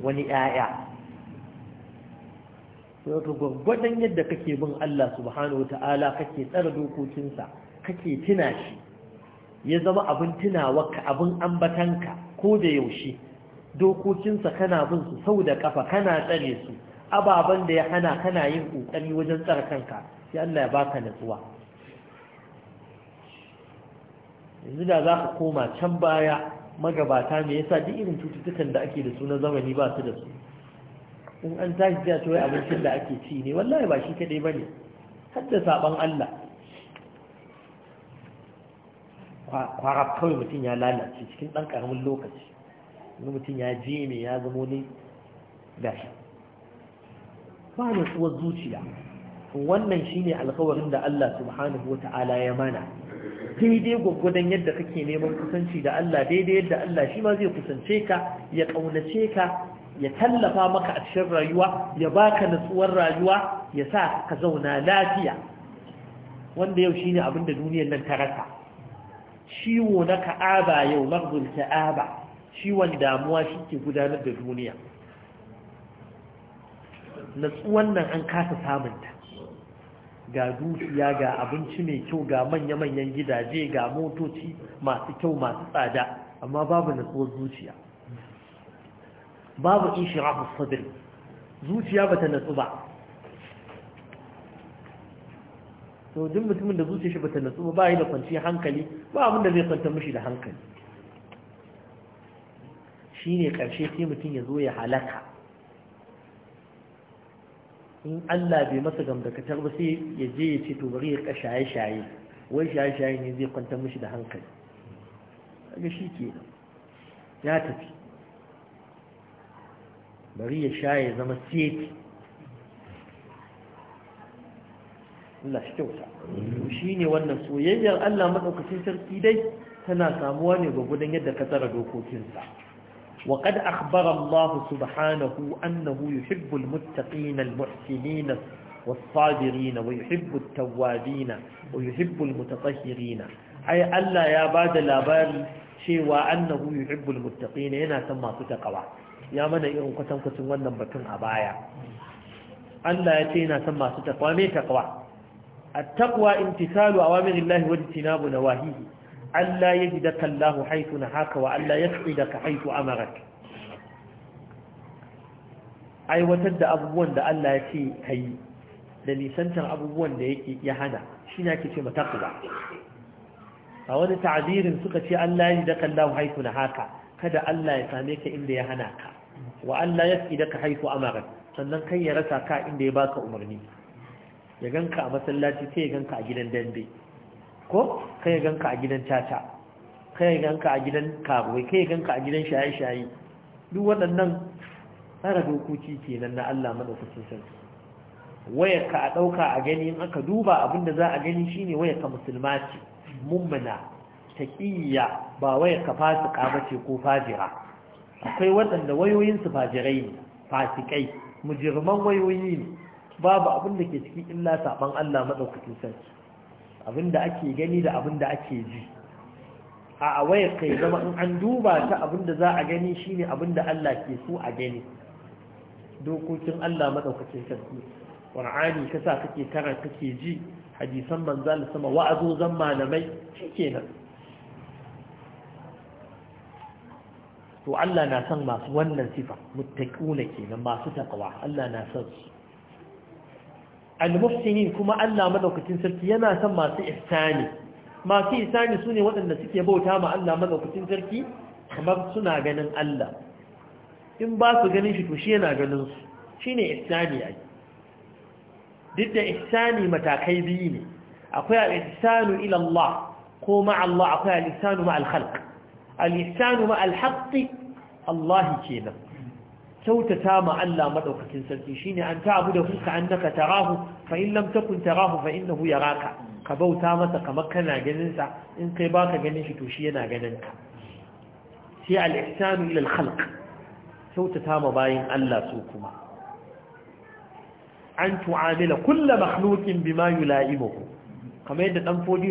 wani 'ya'ya wato gwaggwadon yadda kake bin Allah subhanahu wa ta'ala kake tsara dokokinsa kake tuna shi ya zama abin tunawarka abin ambatanka ko da yaushe dokokinsa kana bin su sau da kafa kana tsare su ababen da ya hana kana yin kokari wajen tsara kanka sai Allah ya baka nutsuwa. yanzu da za ka koma can baya magabata me yasa duk irin cututtukan da ake da su na zamani ba su da su in an tashi ta wai abincin da ake ci ne wallahi ba shi kadai bane hadda saban Allah kwara kawai mutum ya lalace cikin ɗan ƙaramin lokaci wani mutum ya je mai ya zamo ne gashi ba ne tsuwar zuciya wannan shine alkawarin da Allah subhanahu wa ta'ala ya mana daidai gwaggwadon yadda kake neman kusanci da Allah daidai yadda Allah shi ma zai kusance ka ya ƙaunace ka ya tallafa maka a cikin rayuwa ya baka natsuwar rayuwa ya sa ka zauna lafiya wanda yau shine abin da duniyar nan ta rasa ciwo na ka'aba yau marzul ka'aba ciwon damuwa shi ke gudanar da duniya natsuwan nan an kasa samunta ga dukiya ga abinci mai kyau ga manya-manyan gidaje ga motoci masu kyau masu tsada amma babu natsuwar zuciya babu ishirahu sadir zuciya ba ta natsu ba to duk mutumin da zuciya shi ta natsu ba ba yi da kwanci hankali ba abin da zai kwanta mishi da hankali Shi ne karshe sai mutum ya zo ya halaka in Allah bai masa gamdakatar ba sai ya je ya ce to bari ya shaye-shaye wai shaye-shaye ne zai kwanta mishi da hankali ga shi ke ya tafi bari ya sha ya zama seti Allah shi kyauta shi ne wannan soyayyar Allah maɗaukacin sarki dai tana samuwa ne gwagwadon yadda ka tsara dokokinsa وقد أخبر الله سبحانه أنه يحب المتقين المحسنين والصابرين ويحب التوابين ويحب المتطهرين أي ألا يا بعد الأبار شيء وأنه يحب المتقين هنا ثم تتقوى ya mana irin kwatankwacin wannan batun a baya Allah ya ce yana son masu takwa mai takwa at-taqwa imtisalu awamirillahi wa ijtinabu nawahihi Allah yajidaka Allahu haythu nahaka wa Allah yaqidaka haythu amaraka aiwatar da abubuwan da Allah ya ce kai da nisantar abubuwan da yake ya hana shi ne ake ce mataqwa a wani ta'adirin suka ce Allah yajidaka Allahu haythu nahaka kada Allah ya same ka inda ya hana ka wa Allah ya tsida ka haifu amara sannan kai ya rasa ka inda ya baka umarni ya ganka a masallaci kai ya ganka a gidan dambe ko kai ya ganka a gidan caca kai ya ganka a gidan karuwai kai ya ganka a gidan shaye-shaye duk waɗannan tsara dokoki kenan na Allah maɗaukacin sarki waya ka a ɗauka a gani in aka duba abinda za a gani shine waya ka musulma mummuna Taƙiyya ba waya ka fasika bace ko fajira akwai waɗanda wayoyinsu fajirai ne fasikai mujirman wayoyi ne babu abin da ke ciki illa saban Allah maɗaukacin sarki abin da ake gani da abin da ake ji a wayar kai zama in an duba ta abin da za a gani shine abin da Allah ke so a gani dokokin Allah maɗaukacin sarki ƙwar'ani kasa kake kara kake ji hadisan manzal sama wa'azo zan malamai shikenan to Allah na san masu wannan sifa muttaquna kenan masu taqwa Allah na san su al-muhsinin kuma Allah madaukakin sarki yana san masu ihsani masu ihsani sune waɗanda suke bauta ma Allah madaukakin sarki kamar suna ganin Allah in ba su ganin shi to shi yana ganin su shine ihsani ai duk da ihsani matakai biyu ne akwai al-ihsanu ila Allah ko ma'a Allah akwai al-ihsanu ma'a khalq al-ihsanu ma al Allah kenan kyautata ma Allah madaukakin sarki shine an ta'abu da kuka annaka tarahu fa in lam takun tarahu fa innahu yaraka ka bauta masa kamar kana ganin sa in kai baka ganin shi to shi yana ganin ka sai al-ihsanu ila al kyautata ma bayin Allah su kuma an tu'amila kullu makhluqin bima yula'imuhu كما يدن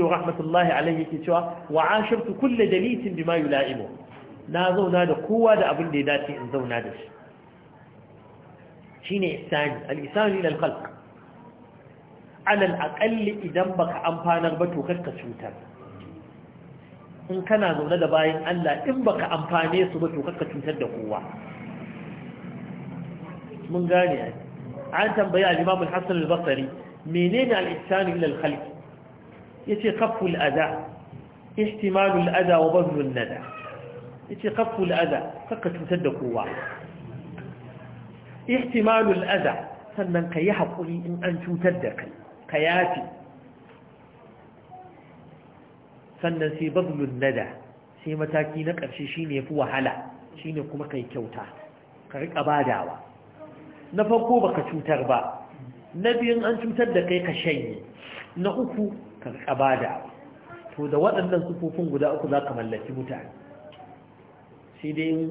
رحمة الله عليه كتوى وعاشرت كل دليس بما يلائمه نازو نادا قوة دا أبن دي انزو نادش شين إحسان الإحسان إلى الخلق على الأقل إذا بك أمبانا بك وخلق سوتا إن كان نازو نادا باين أن لا إن بك أمبانا بك وخلق سوتا دا قوة من قال يعني عادة بيع الإمام الحسن البصري منين الإحسان إلى الخلق Ya yace khafful adha ihtimalul adha wa badlun nada ce khafful adha kaka cutar da kowa ihtimalul adha sannan ka yi haƙuri in an cutar da kai ka yafi sannan sai badlun nada sai mataki na ƙarshe shi shine fi wahala shi ne kuma kai kyauta ka riƙa badawa na farko baka cutar ba na biyun an cutar da kai ka shanye na uku karkaba da to da waɗannan sufofin guda uku za ka mallaki mutane sai dai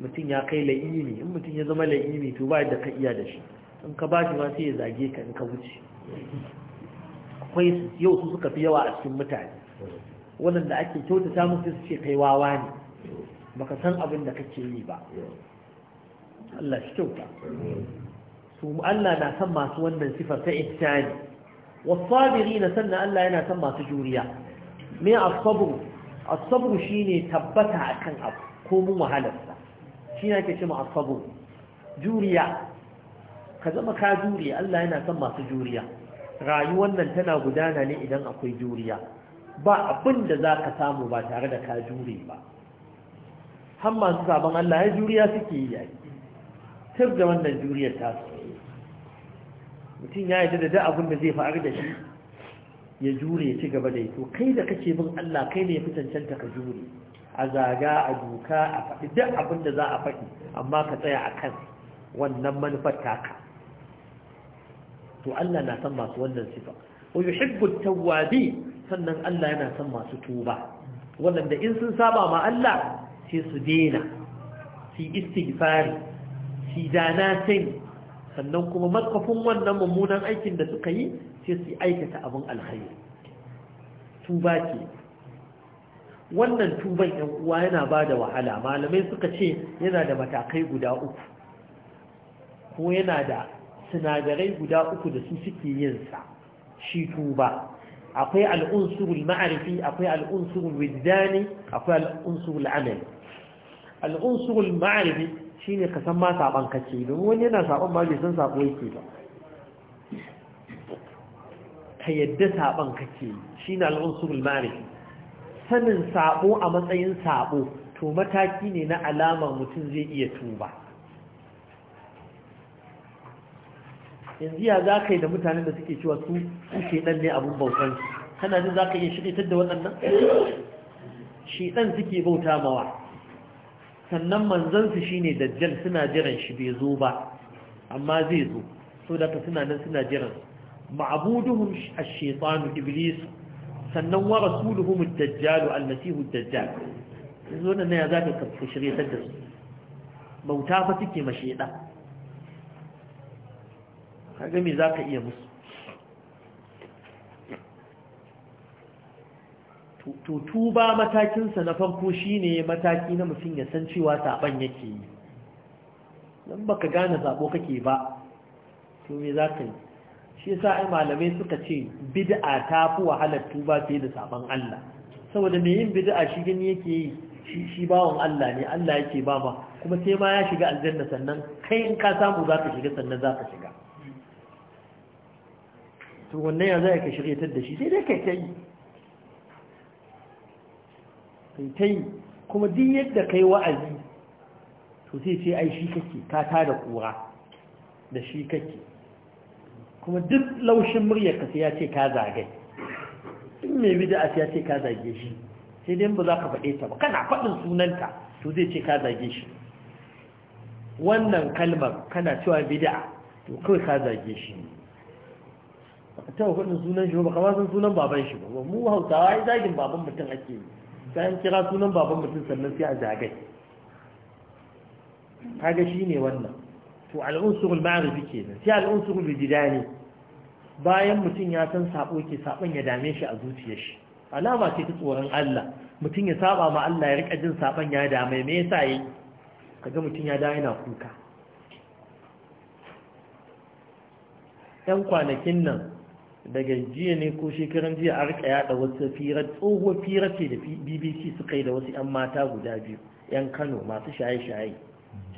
mutum ya kai la'imi, in mutum ya zama la'imi to ba da ka iya da shi in ka ba shi ma sai ya zage ka in ka wuce akwai yau su suka fi yawa a cikin mutane waɗanda ake kyautata musu su ce kai wawa ne baka san abin da kake yi ba Allah shi kyauta su Allah na san masu wannan sifar ta ihsani والصابرين سنة ألا ينا تم تجوريا ما الصبر الصبر شيني تبتع كان أب كومو مهالسة شيني كشمع الصبر جوريا كذا ما Allah ألا ينا masu تجوريا rayuwar nan tana gudana ne idan akwai juriya ba abin za ka samu ba tare da ka jure ba har masu sabon Allah ya juriya suke yi da wannan juriyar ta mutum ya yarda da duk abin da zai fa'ar da shi ya jure ya ci gaba da ito kai da kake bin Allah kai ne ya fi cancanta ka jure a zaga a duka a faɗi duk abin da za a faɗi amma ka tsaya a kan wannan manufar taka to Allah na san masu wannan sifa wa yuhibbu tawwabi sannan Allah yana san masu tuba waɗanda in sun saba ma Allah sai su dena su istighfari su dana sai sannan kuma matsafin wannan mummunan aikin da suka yi sai su aikata abin alkhairi tuba ke wannan tuban yan uwa yana ba da wahala malamai suka ce yana da matakai guda uku ko yana da sinadarai guda uku da su suke yin sa shi tuba akwai al'unsurul ma'arifi akwai al'unsurul wijdani akwai al'unsurul amali al'unsurul ma'arifi ne ka san ma saban kake domin wani yana saɓan ba, bai san sabo yake ba ka yadda saban kake shi al al'unsu bulmari sanin saɓo a matsayin saɓo, to mataki ne na alamar mutum zai iya tuba yanzu ya za ka yi da mutanen da suke cewa su suke ɗan ne abin bautansu kana jin za ka iya shirya da waɗannan shi ɗan suke bauta mawa sannan manzansu shine dajjal suna jiran shi bai zo ba amma zai zo so da suna nan suna jiran ma'buduhum ash-shaytanu iblis sannan wa rasuluhum ad-dajjal al-masih ad-dajjal zo nan ya zaka ka shirye da su bauta fa suke ma shaydan kaga me zaka iya musu to tuba matakinsa na farko shine mataki na mutum ya san cewa saban yake yi don baka gane zabo kake ba to me za ka yi shi yasa ai malamai suka ce bid'a ta fi wahalar tuba fiye da saban Allah saboda me yin bid'a shi gani yake yi shi shi Allah ne Allah yake ba ma kuma sai ma ya shiga aljanna sannan kai in ka samu za ka shiga sannan za ka shiga to wannan ya za ka shirya da shi sai dai kai ta sai ta yi kuma duk yadda kai wa'azi to sai ce ai shi kake ka ta da kura da shi kake kuma duk laushin muryar ka sai ya ce ka zagai duk mai bid'a sai ya ce ka zage shi sai dai ba za ka faɗe ta ba kana faɗin sunanta to zai ce ka zage shi wannan kalmar kana cewa bid'a to kawai ka zage shi ta faɗin sunan shi ba kama sun sunan baban shi ba mu hausawa ai zagin baban mutum ake yi sai an kira sunan baban mutum sannan sai a zagai kaga ne wannan to al'unsur al ke kenan sai al'unsur al ne. bayan mutum ya san sabo ke sabon ya dame shi a zuciyar shi alama ce ta tsoron Allah mutum ya saba ma Allah ya rika jin sabon ya dame me yasa yi kaga mutum ya dawo yana kuka ɗan kwanakin nan daga jiya ne ko shekaran jiya a rika yada wasu firar tsohuwar firar ce da bbc suka yi da wasu 'yan mata guda biyu 'yan kano masu shaye-shaye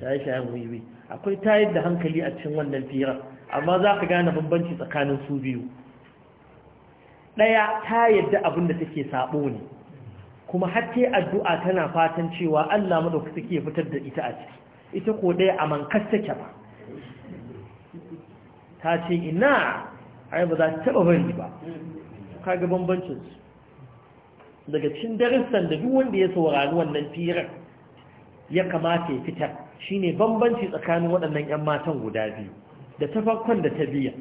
shaye-shayen wiwi akwai tayar da hankali a cikin wannan firar amma za ka gane bambanci tsakanin su biyu ɗaya ta yadda abin da take saɓo ne kuma har ta addu'a tana fatan cewa allah madauki take fitar da ita a ciki ita ko ɗaya a mankas take ba ta ce ina ai ba za ta taba bari ba kaga bambancin su daga cikin darussan da duk wanda ya saurari wannan firar ya kamata ya fitar shine bambanci tsakanin waɗannan 'yan matan guda biyu da ta farkon da ta biya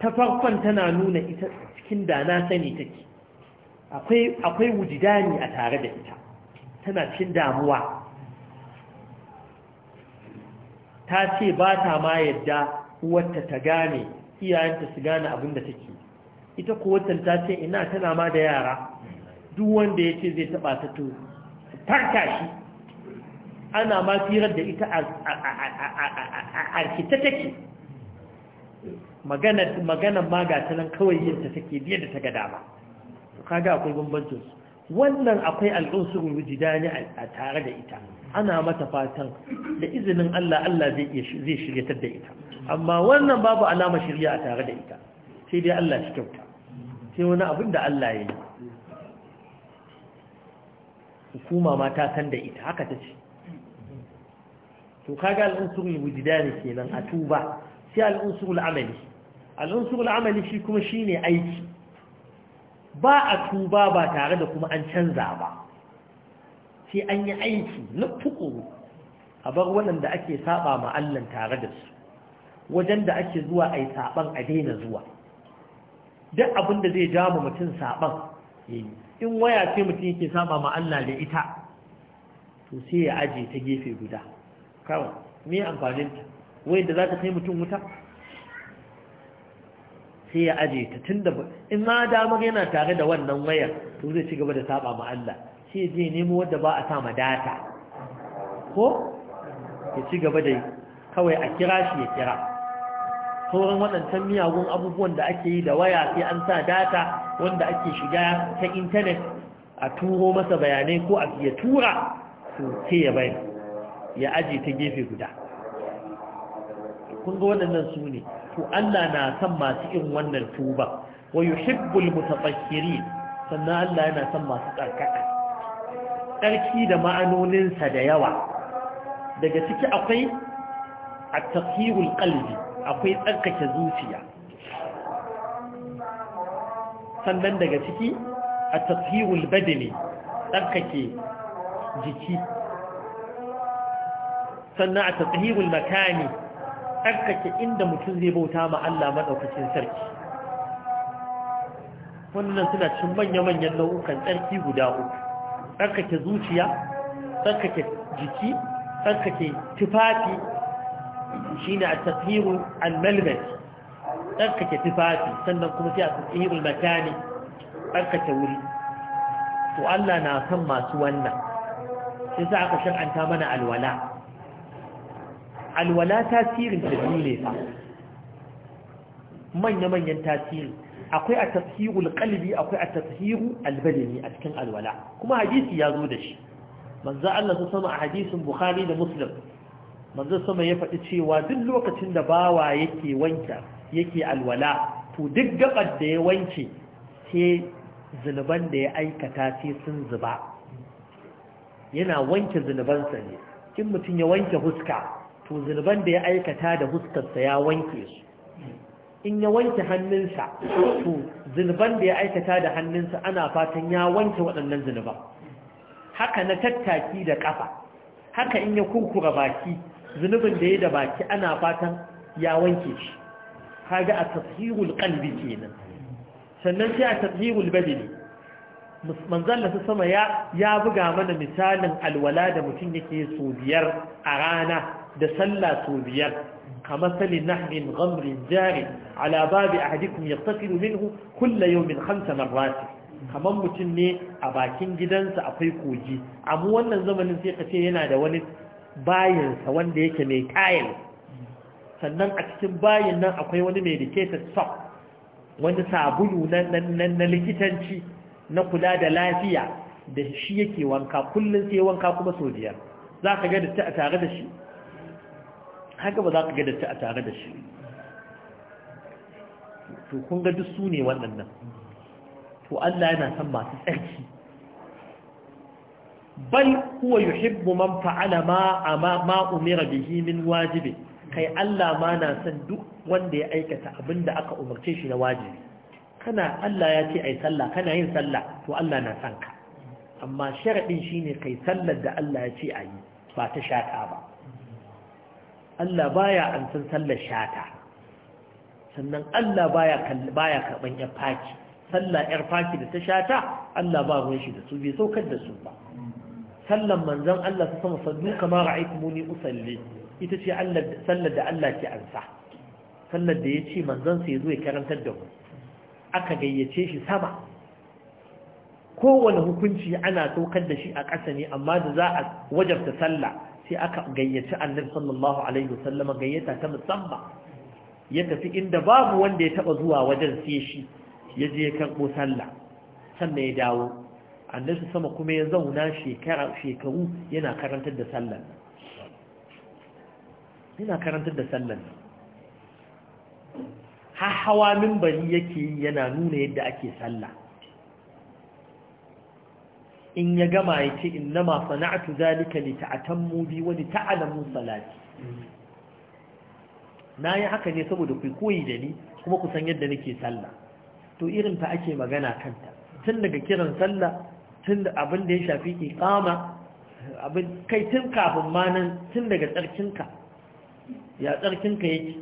ta farkon tana nuna ita cikin da na sani take akwai akwai wujidani a tare da ita tana cikin damuwa ta ce ba ta ma yadda uwarta ta gane iyayenta su gane abin da take ita ko watan ta ce ina tana ma da yara duk wanda ya ce zai taba ta to farka shi ana ma firar da ita a arkita take maganan ma ga ta nan kawai yin ta take biye da ta ga dama kaga akwai bambancin wannan akwai al'unsurin wujidani a tare da ita ana mata fatan da izinin Allah Allah zai zai shiryatar da ita amma wannan babu alama shirya a tare da ita sai dai Allah shi kyauta sai wani abin da Allah ya yi hukuma ma ta san da ita haka ta ce to kaga al'unsurul wujdan kenan a tuba sai al'unsurul amali al'unsurul amali shi kuma shine aiki ba a tuba ba tare da kuma an canza ba sai an yi aiki na tukuru a bar waɗanda ake saba ma'allan tare da su wajen da ake zuwa a yi saban a daina zuwa duk abin da zai ja mu mutum saban in waya ce mutum yake saba ma'allan da ita to sai ya aje ta gefe guda kawai me amfanin ta wai da za ta kai mutum wuta sai ya aje ta tunda in ma damar yana tare da wannan wayar to zai ci gaba da saba ma'allan. sai zai nemo wadda ba a sama data ko ya ci gaba da kawai a kira shi ya kira sauran waɗancan miyagun abubuwan da ake yi da waya sai an sa data wanda ake shiga ta intanet a turo masa bayanai ko a ya tura su ke ya bai ya aji ta gefe guda kun ga waɗannan su ne to Allah na san masu irin wannan tuba wa yuhibbul mutatahhirin sannan Allah yana san masu tsarkaka tsarki da ma'anoninsa da yawa daga ciki akwai a tafihul kalbi akwai tsarkake zuciya sannan daga ciki a tafihul badini tsarkake jiki sannan a tafihul makani tsarkake inda mutum zai bauta ma Allah maɗaukacin sarki wannan suna cin manya-manyan nau'ukan tsarki guda uku tsarkake zuciya tsarkake jiki tsarkake tufafi shine at-tatheeru al-malbas tsarkake tufafi sannan kuma sai a tatheeru makani tsarkake wuri to Allah na san masu wannan sai sa aka shar'anta mana alwala
alwala tasirin da ne fa
manya-manyan tasiri akwai a tafhirul kalbi akwai a tafhiru albalini a cikin alwala kuma hadisi ya zo da shi manzo Allah ta sama a hadisin Bukhari da Muslim manzo sama ya faɗi cewa duk lokacin da bawa yake wanka yake alwala to duk gabar da ya wanke sai zunuban da ya aikata sai sun zuba yana wanke zunubansa ne kin mutum ya wanke huska to zunuban da ya aikata da huskarsa ya wanke su in ya wanke hannunsa to zunuban da ya aikata da hannunsa ana fatan ya wanke waɗannan zunuban haka na tattaki da ƙafa haka in ya kurkura baki zunubin da ya da baki ana fatan ya wanke shi kaga a tafhirul qalbi kenan sannan sai a tafhirul badani manzon sama ya ya buga mana misalin alwala da mutum yake so biyar a rana da sallah to biyar كمثل نحن غمر جار على باب أحدكم يغتسل kulla كل يوم خمس مرات kamar mutum ne a bakin gidansa akwai koji amma wannan zamanin sai ka ce yana da wani bayansa wanda yake mai kayan. sannan a cikin bayan nan akwai wani medicated sock wani sabulu na likitanci na kula da lafiya da shi yake wanka kullum sai wanka kuma sau biyar za ka ga tare da shi haka ba za ka ga a tare da shi to kun ga duk su ne waɗannan to Allah yana son masu tsarki kuwa huwa hibbu man fa'ala ma umira bihi min wajibi kai Allah ma na son duk wanda ya aikata abinda aka umarce shi na wajibi kana Allah ya ce ai sallah kana yin sallah to Allah na son ka amma sharadin shine kai sallar da Allah ya ce ayi ba ta shaƙa ba Allah baya an san sallar shata sannan Allah baya baya karban yar faki sallar yar faki da ta shata Allah ba ruwan shi da su bai saukar da su ba sallan manzon Allah ta sama sallu kama ra'aytumuni usalli ita ce Allah sallar da Allah ke ansa sallar da yace manzon sai zo ya karantar da mu aka gayyace shi sama kowane hukunci ana saukar da shi a ƙasa ne amma da za a wajabta sallah sai aka gayyaci annabi sallallahu alaihi sallama, gayyata ta musamma ya tafi inda babu wanda ya taba zuwa wajen sai shi ya je ya karbo sallah sannan ya dawo annabi sama kuma ya zauna shekara shekaru yana karantar da sallah yana karantar da sallah har hawa minbari yake yana nuna yadda ake sallah in ya gama ya ce inna ma sana'atu zalika li ta'tammu bi wa li ta'lamu salati na yi haka ne saboda ku koyi da ni kuma ku san yadda nake sallah to irin ta ake magana kanta tun daga kiran sallah tun da abin da ya shafi iqama abin kai tun kafin ma nan tun daga tsarkinka ya tsarkinka yake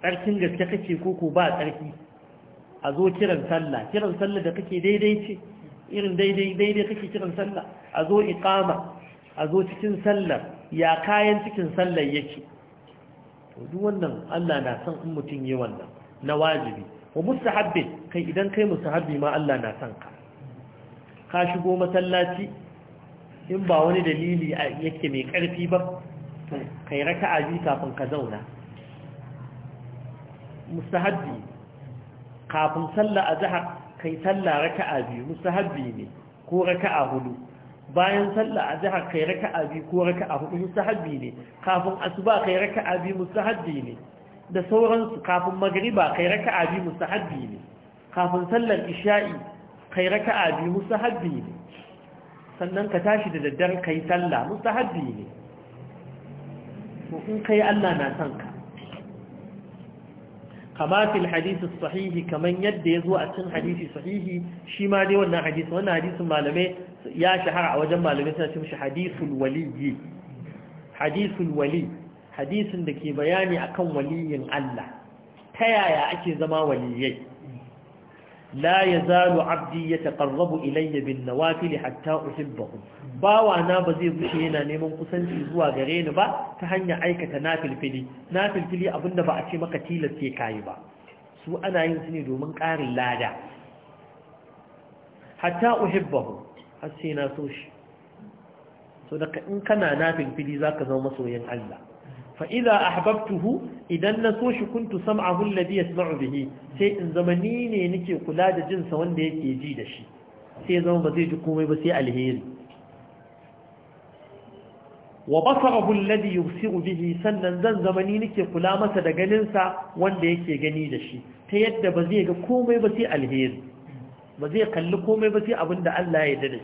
tsarkin gaske kake koko ba tsarki a zo kiran sallah kiran sallah da kake daidai ce irin daidai kake kiran sallah a zo iqama a zo cikin sallar ya kayan cikin sallar yake to duk wannan Allah na san in mutun yi wannan na wajibi wa mustahabbi kai idan kai mustahabbi ma Allah na san ka ka shigo masallaci in ba wani dalili yake mai karfi ba kai raka'a biyu kafin ka zauna mustahabbi kafin sallah a jihar kai sallah raka'a biyu musahabi ne ko raka'a hudu bayan sallah a jihar kai raka'a biyu ko raka'a hudu musahabi ne kafin asuba kai raka'a biyu musahabi ne da sauransu kafin magriba kai raka'a biyu musahabi ne kafin sallar isha'i kai raka'a biyu musahabi ne sannan ka tashi da daddare kai sallah musahabi ne to in kai Allah na son ka kama fil hadisi sahihi kaman yadda ya zo a cikin hadisi sahihi shi ma dai wannan hadisi wannan hadisin malamai ya shahara a wajen malamai suna cin shi hadisul waliyyi hadisul wali hadisin da ke bayani akan waliyin Allah ta yaya ake zama waliyai la yazalu abdi ya yataqarrabu ilayya bin nawafil hatta uhibbahu bawa na ba zai bushe yana neman kusanci zuwa gare ni ba ta hanyar aikata nafilfili nafilfili abinda ba ce maka tilas sai kayi ba su ana su ne domin ƙarin lada hatta uhibbahu har sai na so shi so daga in kana nafilfili zaka zama masoyin Allah فإذا أحببته إذا نسوش كنت سمعه الذي يسمع به da زمنيني نكي قلاد جنس zai ji komai ba زمن بزيج wa بسيء الهيري وبصره الذي يبصر به sannan zan zamani nake kula masa da ganinsa wanda yake gani da shi ta yadda ba zai ga komai ba sai alheri ba zai kalli komai ba sai abinda Allah ya yarda da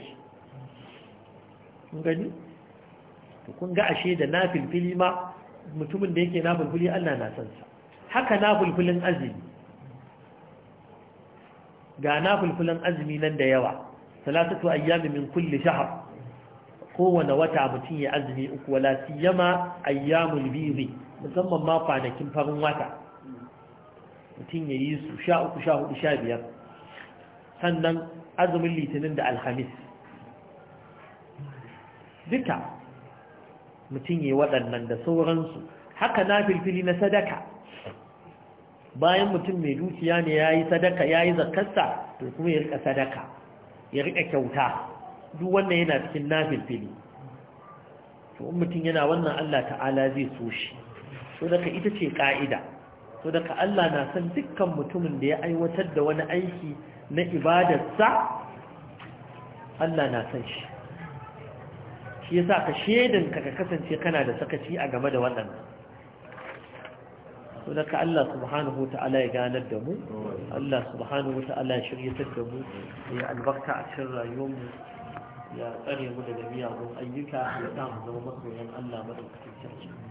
shi kun ga ashe da na filfili ma. mutumin da yake nafulfuli Allah na san sa haka nafulfulin azumi ga nafulfulin azumi nan da yawa salatatu ayyami min kulli shahar, kowane wata mutum ya azumi uku wala siyama ayyamul bidhi musamman ma kwanakin farin wata mutum ya yi su sha uku sha hudu sha biyar sannan azumin litinin da alhamis duka mutum ya waɗannan da sauransu haka na filfili na sadaka bayan mutum mai dukiya ne ya yi sadaka ya yi zakarsa to kuma ya rika sadaka ya rika kyauta duk wannan yana cikin na filfili to mutum yana wannan Allah ta'ala zai so shi so daga ita ce ka'ida so daga Allah na san dukkan mutumin da ya aiwatar da wani aiki na ibadarsa Allah na san shi shi yasa ka shedin ka ka kasance kana da sakaci a game da wannan to daga Allah subhanahu ta'ala ya ganar da mu Allah subhanahu ta'ala ya shiryatar da mu ya
albarka a cikin rayuwar mu ya tsare mu daga miyagun ayyuka ya sa mu zama masoyan Allah madaukakin sarki